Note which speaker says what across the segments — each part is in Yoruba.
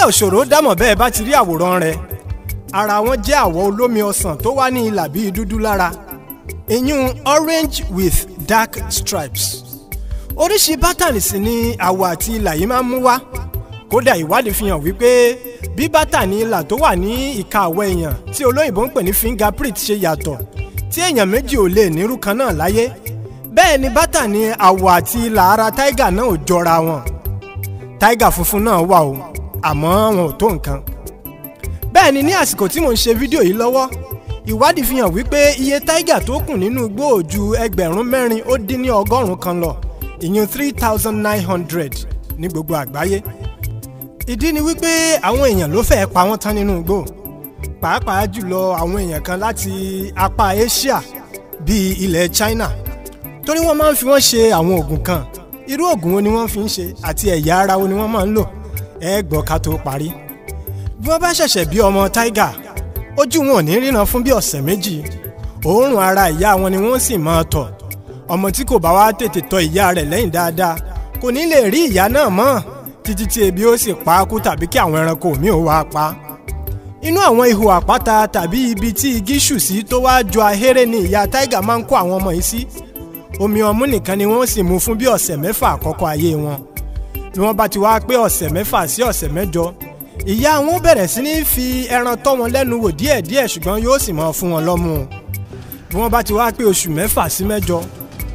Speaker 1: ìpínlẹ̀ òṣòro dámọ̀ bẹ́ẹ̀ bá ti rí àwòrán rẹ̀ ara wọn jẹ́ àwọ̀ olómi ọsàn tó wá ní ìlà bíi dúdú lára ìyún orange with dark stripes oríṣi bátànì sì ni àwọ̀ àti ìlà yìí máa ń mú wá kódà ìwádìí fi hàn wípé bí bátànì ìlà tó wà ní ìka àwọ̀ èèyàn tí olóyìnbó ń pè ní fingerprint ṣe yàtọ̀ tí èèyàn méjì ò lè nírú kan náà láyé bẹ́ẹ̀ ni bátànì àwọ̀ àti ìlà ara tiger náà ò jọra wọn tiger funfun náà wà o àmọ́ wọn ò tó nǹkan. bẹ́ẹ̀ ni ní àsìkò tí mò ń ṣe fídíò yìí lọ́wọ́ ìwádìí fi hàn wípé iye táìgà tó kù nínú igbó ò ju ẹgbẹ̀rún mẹ́rin ó dín ní ọgọ́rùn-ún kan lọ ìyẹn three thousand nine hundred ní gbogbo àgbáyé. ìdí ni wípé àwọn èèyàn ló fẹ́ẹ́ pa wọ́n tán nínú igbó pàápàá jùlọ àwọn èèyàn kan láti apá Asia bíi ilẹ̀ China torí wọ́n máa ń fi wọ́n ṣe àwọn oògùn kan irú oògùn wo ni wọ́n fi ń ṣe àti ẹ̀yà ara wo ni wọ́n máa ń lò ẹ gbọ́ ká tó parí. bí wọ́n bá ṣẹ̀ṣẹ̀ bí ọmọ tiger ojú wọn ò ní ríran fún bí ọ̀sẹ̀ méjì òórùn ara ìyá wọn ni wọ́n sì máa tọ̀ ọmọ tí kò bá wá tètè tọ̀ ìyá rẹ̀ lẹ́yìn dáadáa kò ní lè rí ìyá náà mọ́ títí tí ebi ó sì pa á kú tàbí kí àwọn ẹranko míì ó wá pa á inú àwọn ihò àpáta tàbí ibi tí igi ṣù sí tó wá jọ ahéré ni ìyá tiger máa ń kó àwọn ọmọ yìí sí omi ọmú nìkan ni wọ́n sì mú fún bí ọ̀sẹ̀ mẹ́fà àkọ́kọ́ ayé wọn bí wọ́n bá ti wá pé ọ̀sẹ̀ mẹ́fà sí ọ̀sẹ̀ mẹ́jọ ìyá wọn bẹ̀rẹ̀ sí ní fi ẹran tọ́ wọn lẹ́nu wò díẹ̀díẹ̀ ṣùgbọ́n yóò sì máa fún wọn lọ́mú bí wọ́n bá ti wá pé oṣù mẹ́fà sí mẹ́jọ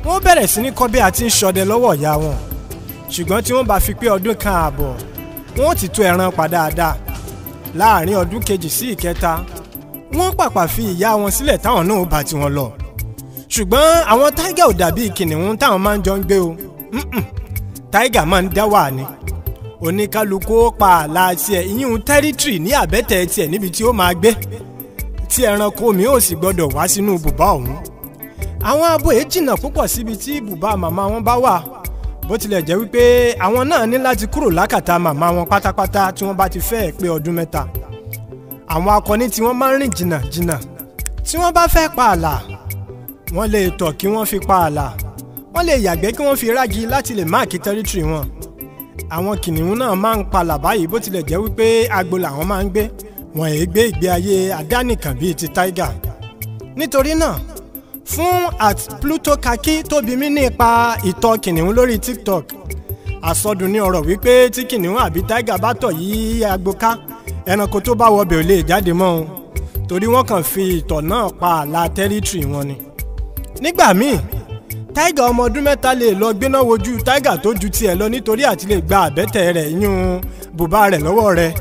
Speaker 1: wọ́n bẹ̀rẹ̀ sí ní kọ́ bí a ti ń ṣọdẹ lọ́wọ́ ìyá wọn ṣùgbọ́n tí wọ́n bá fi pé ọdún kan ààbọ̀ wọ́n ti tú ẹran pa dáadáa láàárín ọdún kejì sí ìkẹta wọ́n pàpà fi ìyá wọn sílẹ̀ táwọn náà bá tiwọn lọ ṣùgbọ́n àwọn tiger ò dàbí kìnìún táwọn máa ń jọ ń gbé o tiger máa ń dá wà ni oníkálukú ó pa àlà tiẹ̀ ìyún tẹ́rítìrì ní àbẹ́tẹ̀ tiẹ̀ níbi tí ó máa gbé tí ẹranko mi ò sì gbọ́dọ̀ wá sínú bùbá ọ̀hún àwọn abo yìí jìnnà púpọ̀ síbi tí bùbá màmá wọn bá wà bó tilẹ̀ jẹ́ wípé àwọn náà ní láti kúrò lákàtà màmá wọn pátápátá tí wọ́n bá ti fẹ́ẹ̀ pé ọdún mẹ́ta àwọn akọni tí wọ́n máa ń rìn jìnnà jìnnà tí wọ́n bá fẹ́ pa àlà wọ́n lè tọ̀ kí wọ́n fi pa àlà wọ́n lè yàgbẹ́ kí wọ́n fi rági láti lè máàkì tẹ́rítírì wọn. àwọn kìnìún náà máa ń palà báyìí bó tilẹ̀ jẹ́ wípé agbo làwọn máa ń gbé wọ́n èé gbé ìgbé ayé àdánìkàn bíi ti tiger. nítorí náà fún at pluto kaki tó bi mí nípa ìtọ̀ kìnìún lórí tiktok àsọdùn ni ọ̀rọ̀ wípé tí kìnìún àbí tiger bá tọ̀ yí agbo ká ẹranko tó bá wọbẹ̀ ò lè jáde mọ́ o torí wọ́n kàn fi ìtọ̀ náà pa àlà tẹ́rítírì wọn ni. nígbà míì táìgà ọmọ ọdún mẹ́ta lè lọ gbéná wojú táìgà tó ju tiẹ̀ lọ nítorí àti lè gba àbẹ́tẹ̀ rẹ̀ yún bùbá rẹ̀ lọ́wọ́ rẹ̀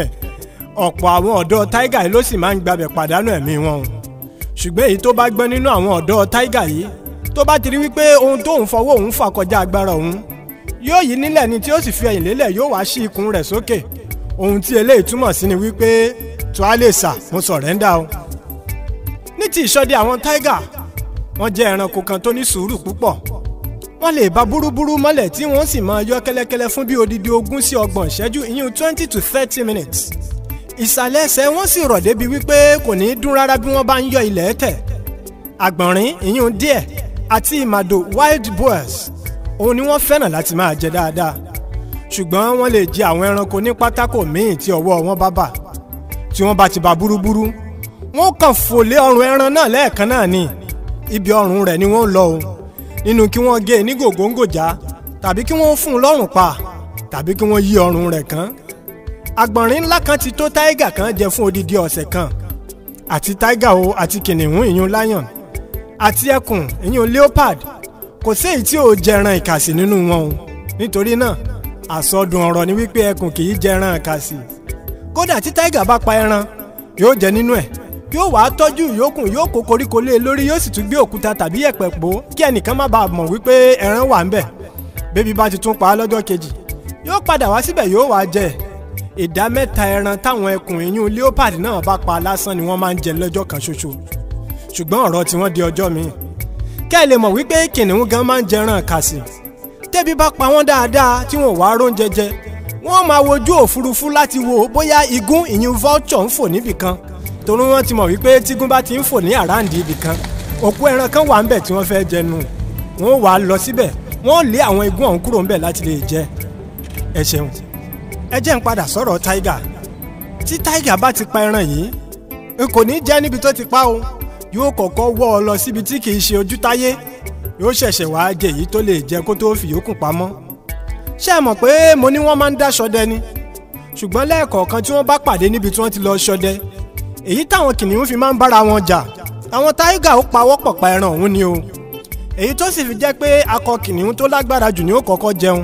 Speaker 1: ọ̀pọ̀ àwọn ọ̀dọ́ táìgà yìí ló sì máa ń gbabẹ̀ pàdánù ẹ̀mí wọn ṣùgbọ́n èyí tó bá gbọ́n nínú àwọn ọ̀dọ́ táìgà yìí tó bá ti rí wípé ohun tóun fọwọ́ òun fà kọjá agbára òun yóò yí nílẹ̀ ni tí ó sì fi ẹ̀yìn lélẹ̀ yóò wá sí ikùn rẹ̀ sókè ohun tí eléyìí túmọ̀ sí ni wípé tualesa mo sọ̀rẹ́ńdà o ní ti ìṣọdẹ àwọn táìgà wọ́n jẹ́ ẹranko kan tó ní sùúrù púpọ̀ wọ́n lè ba búrúburú mọ́lẹ̀ tí wọ́n sì máa yọ kẹ́lẹ́kẹ́lẹ́ fún bí odidi ogún sí ọgbọ̀n ìṣẹ́jú ìyún twenty to thirty minutes ìsàlẹ̀ ẹsẹ̀ wọ́n sì rọ̀ débi wípé kò ní í dún rárá bí wọ́n bá ń yọ ilẹ̀ tẹ̀ àgbọ̀nrín ìyún díẹ̀ àti ìmàdò wild boars òun ni wọ́n fẹ́ràn láti máa jẹ dáadáa ṣùgbọ́n wọ́n lè jẹ àwọn ẹranko ní pátákó míì tí ọwọ́ wọn bá bà tí wọ́n bá ti ba búrúburú wọ́n kàn fòlé ọrùn ẹran náà lẹ́ẹ̀kan náà ni ibi ọrùn rẹ̀ ni wọ́n lọ o nínú kí wọ́n gé e ní gògóńgòjá tàbí kí wọ́n fún un lọ́rùn pa tàbí kí wọ́n yí ọrùn rẹ̀ kán àgbọ̀nrín ńlá kan ti tó táìgà kan jẹ fún odidi ọ̀sẹ̀ kan àti táìgà o àti kìnìún ìyún lion àti ẹkùn ìyún leopard kò sí èyí tí ò jẹran ìkàsì nínú wọn o nítorí náà àsọdùn ọ̀rọ̀ ni wípé ẹkùn kì í jẹran ìkàsì kódà tí táìgà bá pa ẹran yóò jẹ nínú ẹ̀ yóò wá tọ́jú ìyókù yóò kó koríko lé e lórí yóò sì tún gbé òkúta tàbí yẹ̀pẹ̀ pò kí ẹnìkan má bàa mọ̀ wípé ẹran wà ń bẹ̀ bébí bá ti tún pa á lọ́jọ́ kejì yóò padà wá síbẹ̀ yóò wá jẹ ìdá mẹ́ta ẹran táwọn ẹkùn ìyún leopard náà bá pa lásán ni wọ́n máa ń jẹ lọ́jọ́ kan ṣoṣo ṣùgbọ́n ọ̀rọ̀ tí wọ́n di ọjọ́ míì kẹ́ ẹ lè mọ̀ wípé kìnìún gan máa ń jẹran kàsì tẹ́bí bá pa wọ́n dáadáa tí wọ́n wá róúnjẹ jẹ wọ́n máa wojú òfurufú láti wo bóyá igún ìyún vulture ń fò níbìkan torí wọ́n ti mọ̀ wípé tígun bá ti ń fò ní àràǹdì ibì kan òkú ẹran kan wà ńbẹ̀ tí wọ́n fẹ́ jẹnu wọ́n wà á lọ síbẹ̀ wọ́n lé àwọn egun ọ̀hún kúrò ńbẹ̀ láti lè jẹ ẹ ṣeun ẹ jẹ́ ń padà sọ̀rọ̀ tiger tí tiger bá ti pa ẹran yìí kò ní jẹ́ níbi tó ti pa o yóò kọ́kọ́ wọ́ ọ lọ síbi tí kì í ṣe ojútáyé yóò ṣẹ̀ṣẹ̀ wáá jẹ èyí tó lè jẹ kó tó fi yòókù pamọ́ ṣé ẹ mọ̀ pé mo ní wọ́n máa ń dá ṣọdẹ ni ṣùgbọ́n lẹ́ẹ̀kọ̀ọ̀kan tí wọ́n bá pàdé níbi tí wọ́n ti lọ ṣọdẹ èyí táwọn kìnìún fi máa ń bára wọn jà àwọn táyígà ó pawọ́ pọ̀ pa ẹran ọ̀hún ni o èyí tó sì fi jẹ́ pé akọ kìnìún tó lágbára jù ni ó kọ́kọ́ jẹun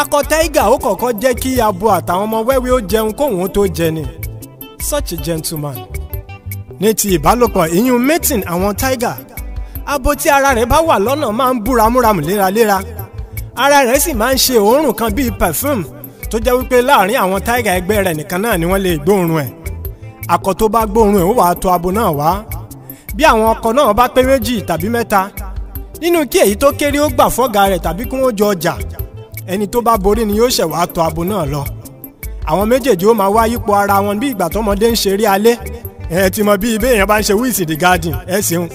Speaker 1: akọ táyígà ó kọ́kọ́ jẹ́ kí abo àtàwọn ọmọ wẹ́wẹ́ ó jẹun kóhun ó tó jẹ ni such a gentleman ní ti ìbálòpọ̀ ìyún mating àwọn tiger abo tí ara rẹ̀ bá wà lọ́nà máa ń bú ramúramù léraléra ara rẹ̀ sì máa ń ṣe òórùn kan bíi perfume tó jẹ́ wípé láàrin àwọn tiger ẹgbẹ́ rẹ̀ nìkan náà ni wọ́n lè gbóòórùn ẹ̀ akọ tó bá gbóòórùn ẹ̀ ń wàá tọ̀ abo náà wá bí àwọn ọkọ náà bá pé méjì tàbí mẹ́ta nínú kí èyí tó kéré ó gbà fọ́gà rẹ̀ tàbí kí wọ́n jọ ọjà ẹni tó bá borí ni yóò ṣẹ̀ wàá tọ̀ abo náà lọ àwọn méjèèjì ó máa wá yípo ara wọn bí ìgbà tọmọdé ń ṣeré alẹ́ ẹ ti mọ bí ibé èèyàn bá ń ṣe wíìsì the garden ẹ ṣeun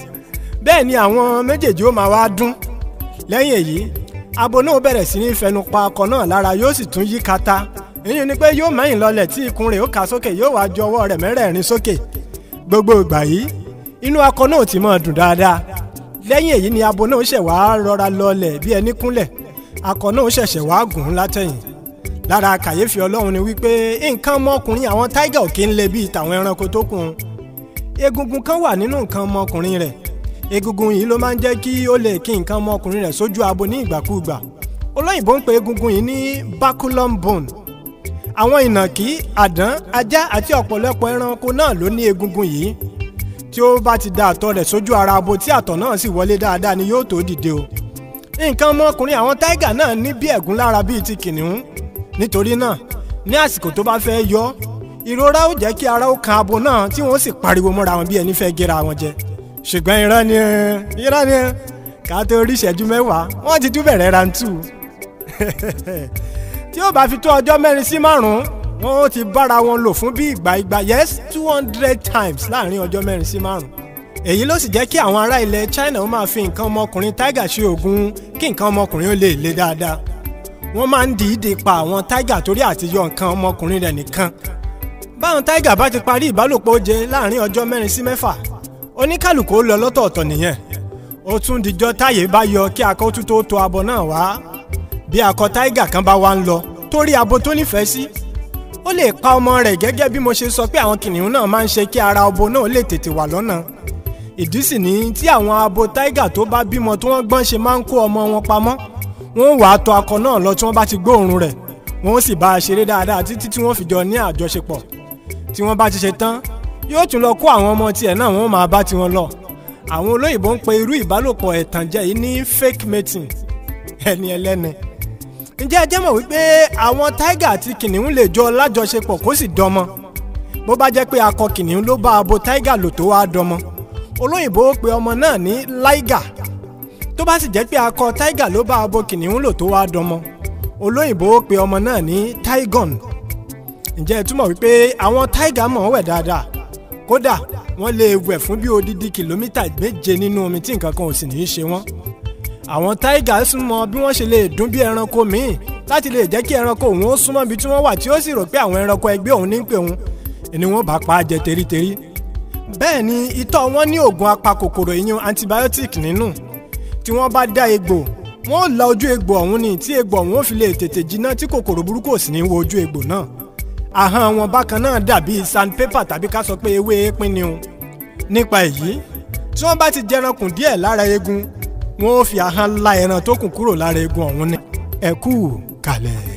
Speaker 1: bẹ́ẹ̀ ni àwọn méjèèjì ó máa wá dún lẹ́yìn èyí abo náà bẹ̀rẹ̀ sí ní fẹnu pa akọ náà lára yóò sì tún yí kata èyí ni pé yóò mẹ́yìn lọlẹ̀ tí ikùn rẹ̀ ó kà sókè yóò wá ju ọwọ́ rẹ̀ mẹ́rẹ̀ẹ̀rin sókè gbogbo ìgbà yìí inú akọ náà ti máa dùn dáadáa lẹ́yìn èyí ni abo náà ṣẹ̀ wá rọra lọlẹ̀ bí ẹni kúnlẹ̀ akọ náà ṣẹ̀ṣẹ̀ wá gùn látẹ̀yìn lára kàyéfì ọlọ́run ni wípé nǹkan ọmọkùnrin àwọn tiger ò kí ń le bíi tàwọn ẹranko tó kù egungun kan wà nínú nǹkan ọmọkùnrin rẹ̀ egungun yìí ló máa ń jẹ́ kí ó lè kí nǹkan ọmọkùnrin rẹ̀ sójú abo ní ìgbàkúùgbà olóyìnbó ń pe egungun yìí ní baculum bone àwọn ìnàkí àdán ajá àti ọ̀pọ̀lọpọ̀ ẹranko náà ló ní egungun yìí tí ó bá ti da àtọ̀ rẹ̀ sójú ara abo tí àtọ̀ náà sì wọlé dáadáa ni yóò tó dìde o nǹkan ọmọkùnrin àwọn tiger náà ní bí ẹ̀gún lára bíi ti kìnìún nítorí náà ní àsìkò tó bá fẹ́ yọ ìrora ó jẹ́ kí ara ó kan abo náà tí wọ́n sì pariwo mọ́ra wọn bí ẹni fẹ́ gẹ́ra wọn jẹ ṣùgbọ́n irọ́ ni irọ́ ni ká tó rí ìṣẹ́jú mẹ́wàá wọ́n ti tún bẹ̀rẹ̀ rantú tí ó bá fi tó ọjọ́ mẹ́rin sí márùn-ún wọ́n ti bára wọn lò fún bí ìgbà ìgbà yes two hundred times láàrin ọjọ́ mẹ́rin sí márùn-ún. èyí ló sì jẹ́ kí àwọn ará ilẹ̀ China ó máa fi nǹkan ọmọkùnrin Tiger ṣe oògùn kí nǹkan ọmọkùnrin ó lè le dáadáa. wọ́n máa ń dìídì pa àwọn Tiger torí àti yọ nǹkan ọmọkùnrin rẹ̀ nìkan. báwọn Tiger bá ti parí ìbálòpọ̀ oje láàrin ọjọ́ mẹ́rin sí mẹ́fà oníkàlùkù ó lọ lọ́tọ̀ọ̀tọ̀ nìyẹn. ó tún dijọ́ táyé bá yọ kí akọ́tún tó to abọ náà wá bí akọ táìgà kan bá wá ń lọ torí abo tó nífẹ̀ẹ́ sí ó lè pa ọmọ rẹ̀ gẹ́gẹ́ bí mo ṣe sọ pé àwọn kìnìún náà máa ń ṣe kí ara abo náà lè tètè wà lọ́nà ìdí sì ni tí àwọn abo táìgà tó bá bímọ tí wọ́n gbọ́n ṣe máa ń kó ọmọ wọn pamọ́ wọ́n wàá tọ̀ akọ náà lọ tí wọ́n bá ti gbóòórùn rẹ̀ wọ́n sì bá a ṣeré dáadáa títí tí wọ́n fi jọ ní àjọṣepọ̀ tí wọ́n bá ti ṣe tán yóò tún lọ kó àwọn ọmọ tiẹ̀ náà wọ́n máa bá tiwọn lọ àwọn olóyìnbó ń pe irú ìbálòpọ̀ ẹ̀tànjẹ yìí ní fake mating ẹni ẹlẹ́ni ǹjẹ́ ẹ jẹ́ mọ̀ wípé àwọn tiger àti kìnìún lè jọ lájọṣepọ̀ kó sì dọmọ bó bá jẹ́ pé akọ kìnìún ló bá abo tiger lò tó wá dọmọ olóyìnbó pe ọmọ náà ní liger tó bá sì jẹ́ pé akọ tiger ló bá abo kìnìún lò tó wá dọmọ olóyìnbó pe ọmọ náà ní tigon ǹjẹ́ ẹ túmọ̀ wípé àwọn tiger mọ̀ wẹ̀ dáadáa kódà wọ́n lè wẹ̀ fún bí odidi kìlómítà méje nínú omi tí nǹkan kan ò sì ní í ṣe wọ́n àwọn tigers mọ bí wọ́n ṣe lè dún bí ẹranko míì láti lè jẹ́ kí ẹranko òun ó súnmọ́ ibi tí wọ́n wà tí ó sì rò pé àwọn ẹranko ẹgbẹ́ òun ní pè òun ni wọ́n bá pa á jẹ teríterí. bẹ́ẹ̀ ni itọ́ wọn ní oògùn apakòkòrò ìyún antibiotic nínú tí wọ́n bá dá egbò wọ́n ò la ojú egbò ọ̀hún ni tí egbò ọ̀hún ò fi lè tètè jiná tí kòkòrò burúkú ò sì ní wo ojú egbò náà ahọ́n wọn bákan náà dàbí sandpaper tàbí ká sọ pé ewé èépín ni o nípa èyí tí wọ́n bá ti jẹrankùn díẹ̀ lára eegun wọn ó fi ahọ́n la ẹran tó kù kúrò lára eegun ọ̀hún ni ẹ kú kalẹ̀.